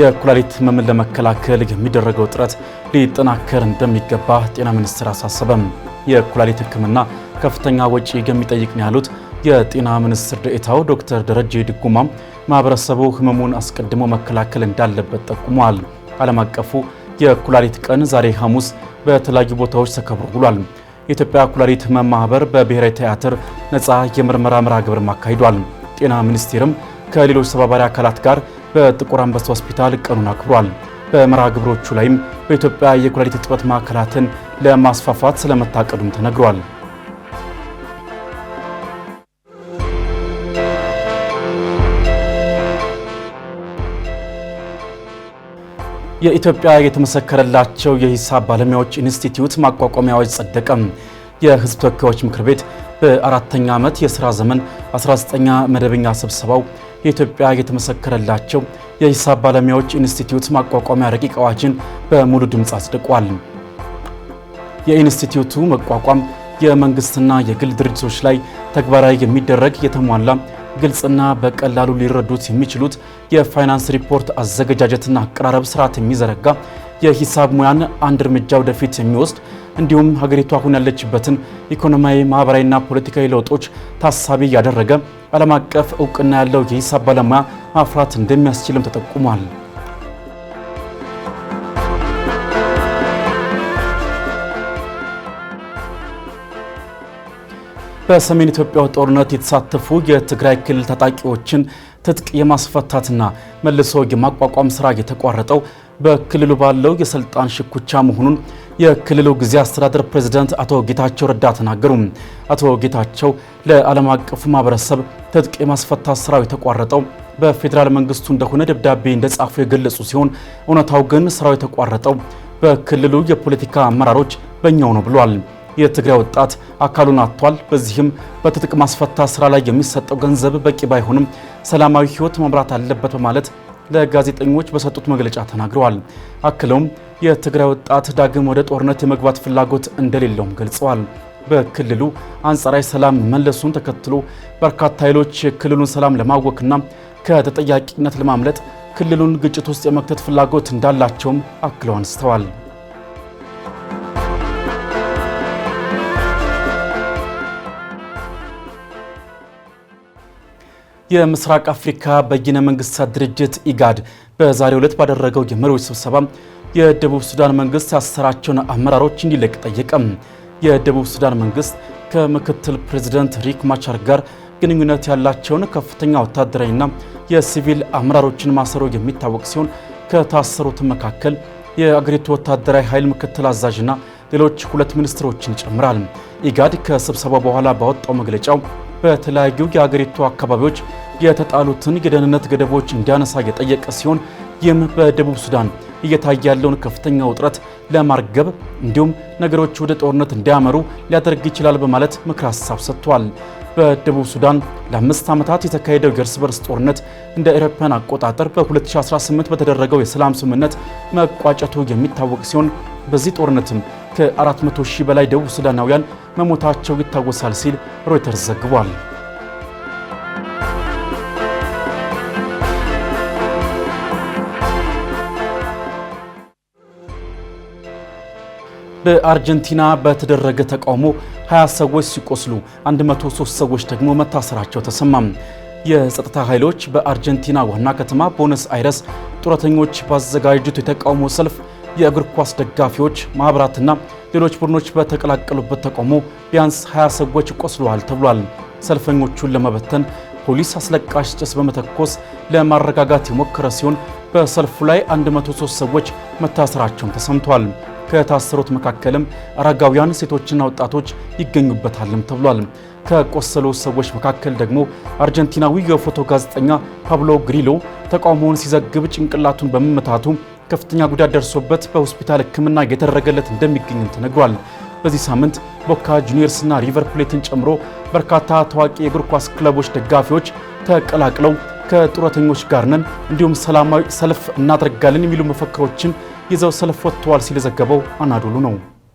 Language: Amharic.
የኩላሊት ህመምን ለመከላከል የሚደረገው ጥረት ሊጠናከር እንደሚገባ ጤና ሚኒስትር አሳሰበም። የኩላሊት ህክምና ከፍተኛ ወጪ የሚጠይቅ ነው ያሉት የጤና ሚኒስትር ዴኤታው ዶክተር ደረጀ ድጉማም ማህበረሰቡ ህመሙን አስቀድሞ መከላከል እንዳለበት ጠቁመዋል። ዓለም አቀፉ የኩላሊት ቀን ዛሬ ሐሙስ በተለያዩ ቦታዎች ተከብሮ ውሏል። የኢትዮጵያ ኩላሊት ህመም ማህበር በብሔራዊ ቲያትር ነፃ የምርመራ መርሃ ግብርም አካሂዷል። ጤና ሚኒስቴርም ከሌሎች ተባባሪ አካላት ጋር በጥቁር አንበሳ ሆስፒታል ቀኑን አክብሯል። በመርሃ ግብሮቹ ላይም በኢትዮጵያ የኩላሊት እጥበት ማዕከላትን ለማስፋፋት ስለመታቀዱም ተነግሯል። የኢትዮጵያ የተመሰከረላቸው የሂሳብ ባለሙያዎች ኢንስቲትዩት ማቋቋሚያ አዋጅ ጸደቀም። የሕዝብ ተወካዮች ምክር ቤት በአራተኛ ዓመት የሥራ ዘመን 19ኛ መደበኛ ስብሰባው የኢትዮጵያ የተመሰከረላቸው የሂሳብ ባለሙያዎች ኢንስቲትዩት ማቋቋሚያ ረቂቅ አዋጅን በሙሉ ድምፅ አጽድቋል። የኢንስቲትዩቱ መቋቋም የመንግስትና የግል ድርጅቶች ላይ ተግባራዊ የሚደረግ የተሟላ ግልጽና በቀላሉ ሊረዱት የሚችሉት የፋይናንስ ሪፖርት አዘገጃጀትና አቀራረብ ስርዓት የሚዘረጋ የሂሳብ ሙያን አንድ እርምጃ ወደፊት የሚወስድ እንዲሁም ሀገሪቱ አሁን ያለችበትን ኢኮኖሚያዊ፣ ማህበራዊና ፖለቲካዊ ለውጦች ታሳቢ ያደረገ ዓለም አቀፍ እውቅና ያለው የሂሳብ ባለሙያ ማፍራት እንደሚያስችልም ተጠቁሟል። በሰሜን ኢትዮጵያው ጦርነት የተሳተፉ የትግራይ ክልል ታጣቂዎችን ትጥቅ የማስፈታትና መልሶ የማቋቋም ስራ የተቋረጠው በክልሉ ባለው የስልጣን ሽኩቻ መሆኑን የክልሉ ጊዜ አስተዳደር ፕሬዝዳንት አቶ ጌታቸው ረዳ ተናገሩ። አቶ ጌታቸው ለዓለም አቀፉ ማህበረሰብ ትጥቅ የማስፈታት ስራው የተቋረጠው በፌዴራል መንግስቱ እንደሆነ ደብዳቤ እንደጻፉ የገለጹ ሲሆን እውነታው ግን ስራው የተቋረጠው በክልሉ የፖለቲካ አመራሮች በእኛው ነው ብሏል። የትግራይ ወጣት አካሉን አጥቷል። በዚህም በትጥቅ ማስፈታ ስራ ላይ የሚሰጠው ገንዘብ በቂ ባይሆንም ሰላማዊ ህይወት መምራት አለበት በማለት ለጋዜጠኞች በሰጡት መግለጫ ተናግረዋል። አክለውም የትግራይ ወጣት ዳግም ወደ ጦርነት የመግባት ፍላጎት እንደሌለውም ገልጸዋል። በክልሉ አንጻራዊ ሰላም መለሱን ተከትሎ በርካታ ኃይሎች የክልሉን ሰላም ለማወክና ከተጠያቂነት ለማምለጥ ክልሉን ግጭት ውስጥ የመክተት ፍላጎት እንዳላቸውም አክለው አንስተዋል። የምስራቅ አፍሪካ በይነ መንግስታት ድርጅት ኢጋድ በዛሬው ዕለት ባደረገው የመሪዎች ስብሰባ የደቡብ ሱዳን መንግስት ያሰራቸውን አመራሮች እንዲለቅ ጠየቀም። የደቡብ ሱዳን መንግስት ከምክትል ፕሬዚደንት ሪክ ማቻር ጋር ግንኙነት ያላቸውን ከፍተኛ ወታደራዊና የሲቪል አመራሮችን ማሰሮ የሚታወቅ ሲሆን ከታሰሩት መካከል የአገሪቱ ወታደራዊ ኃይል ምክትል አዛዥና ሌሎች ሁለት ሚኒስትሮችን ይጨምራል። ኢጋድ ከስብሰባው በኋላ ባወጣው መግለጫው በተለያዩ የአገሪቱ አካባቢዎች የተጣሉትን የደህንነት ገደቦች እንዲያነሳ የጠየቀ ሲሆን ይህም በደቡብ ሱዳን እየታየ ያለውን ከፍተኛ ውጥረት ለማርገብ እንዲሁም ነገሮች ወደ ጦርነት እንዲያመሩ ሊያደርግ ይችላል በማለት ምክር ሀሳብ ሰጥቷል። በደቡብ ሱዳን ለአምስት ዓመታት የተካሄደው የእርስ በርስ ጦርነት እንደ ኤሮፓን አቆጣጠር በ2018 በተደረገው የሰላም ስምምነት መቋጨቱ የሚታወቅ ሲሆን በዚህ ጦርነትም ከ400 ሺህ በላይ ደቡብ ሱዳናውያን መሞታቸው ይታወሳል ሲል ሮይተርስ ዘግቧል። በአርጀንቲና በተደረገ ተቃውሞ 20 ሰዎች ሲቆስሉ 103 ሰዎች ደግሞ መታሰራቸው ተሰማም። የጸጥታ ኃይሎች በአርጀንቲና ዋና ከተማ ቦነስ አይረስ ጡረተኞች ባዘጋጁት የተቃውሞ ሰልፍ የእግር ኳስ ደጋፊዎች ማኅበራትና ሌሎች ቡድኖች በተቀላቀሉበት ተቃውሞ ቢያንስ 20 ሰዎች ቆስለዋል ተብሏል። ሰልፈኞቹን ለመበተን ፖሊስ አስለቃሽ ጭስ በመተኮስ ለማረጋጋት የሞከረ ሲሆን በሰልፉ ላይ 103 ሰዎች መታሰራቸውን ተሰምቷል። ከታሰሩት መካከልም አረጋውያን ሴቶችና ወጣቶች ይገኙበታልም ተብሏል። ከቆሰሉ ሰዎች መካከል ደግሞ አርጀንቲናዊ የፎቶ ጋዜጠኛ ፓብሎ ግሪሎ ተቃውሞውን ሲዘግብ ጭንቅላቱን በመመታቱ ከፍተኛ ጉዳት ደርሶበት በሆስፒታል ሕክምና እየተደረገለት እንደሚገኝም ተነግሯል። በዚህ ሳምንት ቦካ ጁኒየርስና ሪቨር ፕሌትን ጨምሮ በርካታ ታዋቂ የእግር ኳስ ክለቦች ደጋፊዎች ተቀላቅለው ከጡረተኞች ጋር ነን፣ እንዲሁም ሰላማዊ ሰልፍ እናደርጋለን የሚሉ መፈክሮችን ይዘው ሰልፍ ወጥተዋል ሲል ዘገበው አናዶሉ ነው።